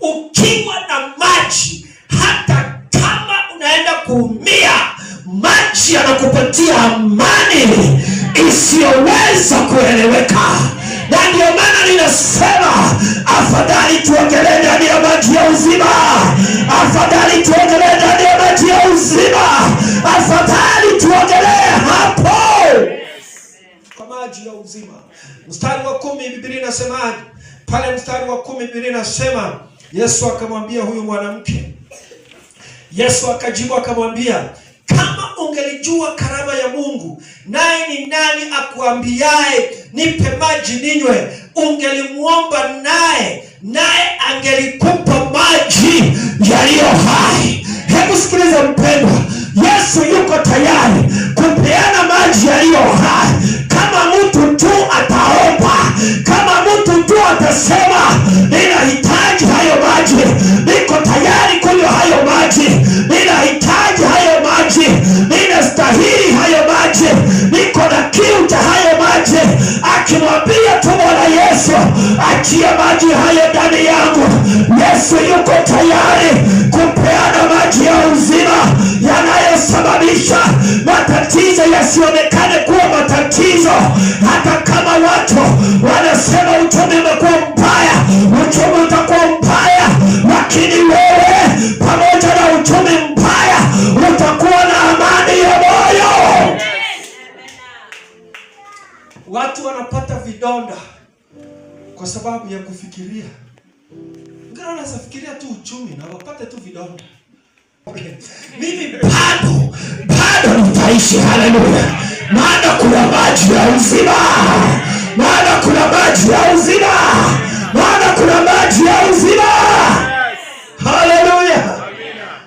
ukiwa na maji, hata kama unaenda kuumia, maji yanakupatia amani isiyoweza kueleweka, na ndio maana ninasema afadhali tuogelee ndani ya maji ya uzima, afadhali tuogelee ndani ya maji ya uzima, afadhali tuogelee hapo kwa maji ya uzima. Mstari wa kumi bibilia inasemaje? Pale mstari wa kumi bibilia inasema Yesu akamwambia huyu mwanamke, Yesu akajibu akamwambia, kama ungelijua karama ya Mungu, naye ni nani akuambiaye nipe maji ninywe, ungelimwomba naye, naye angelikupa maji. maji hayo ndani yangu. Yesu yuko tayari kupeana maji ya uzima yanayosababisha matatizo yasionekane kuwa matatizo, hata kama watu wanasema uchumi umekuwa mbaya, uchumi utakuwa mbaya, lakini wewe pamoja na uchumi mbaya utakuwa na amani ya moyo. Watu wanapata vidonda kwa sababu ya kufikiria. Wengine wanaweza fikiria tu uchumi na wapate tu vidonda. Mimi bado bado nitaishi, haleluya, maana kuna maji ya uzima, maana kuna maji ya uzima.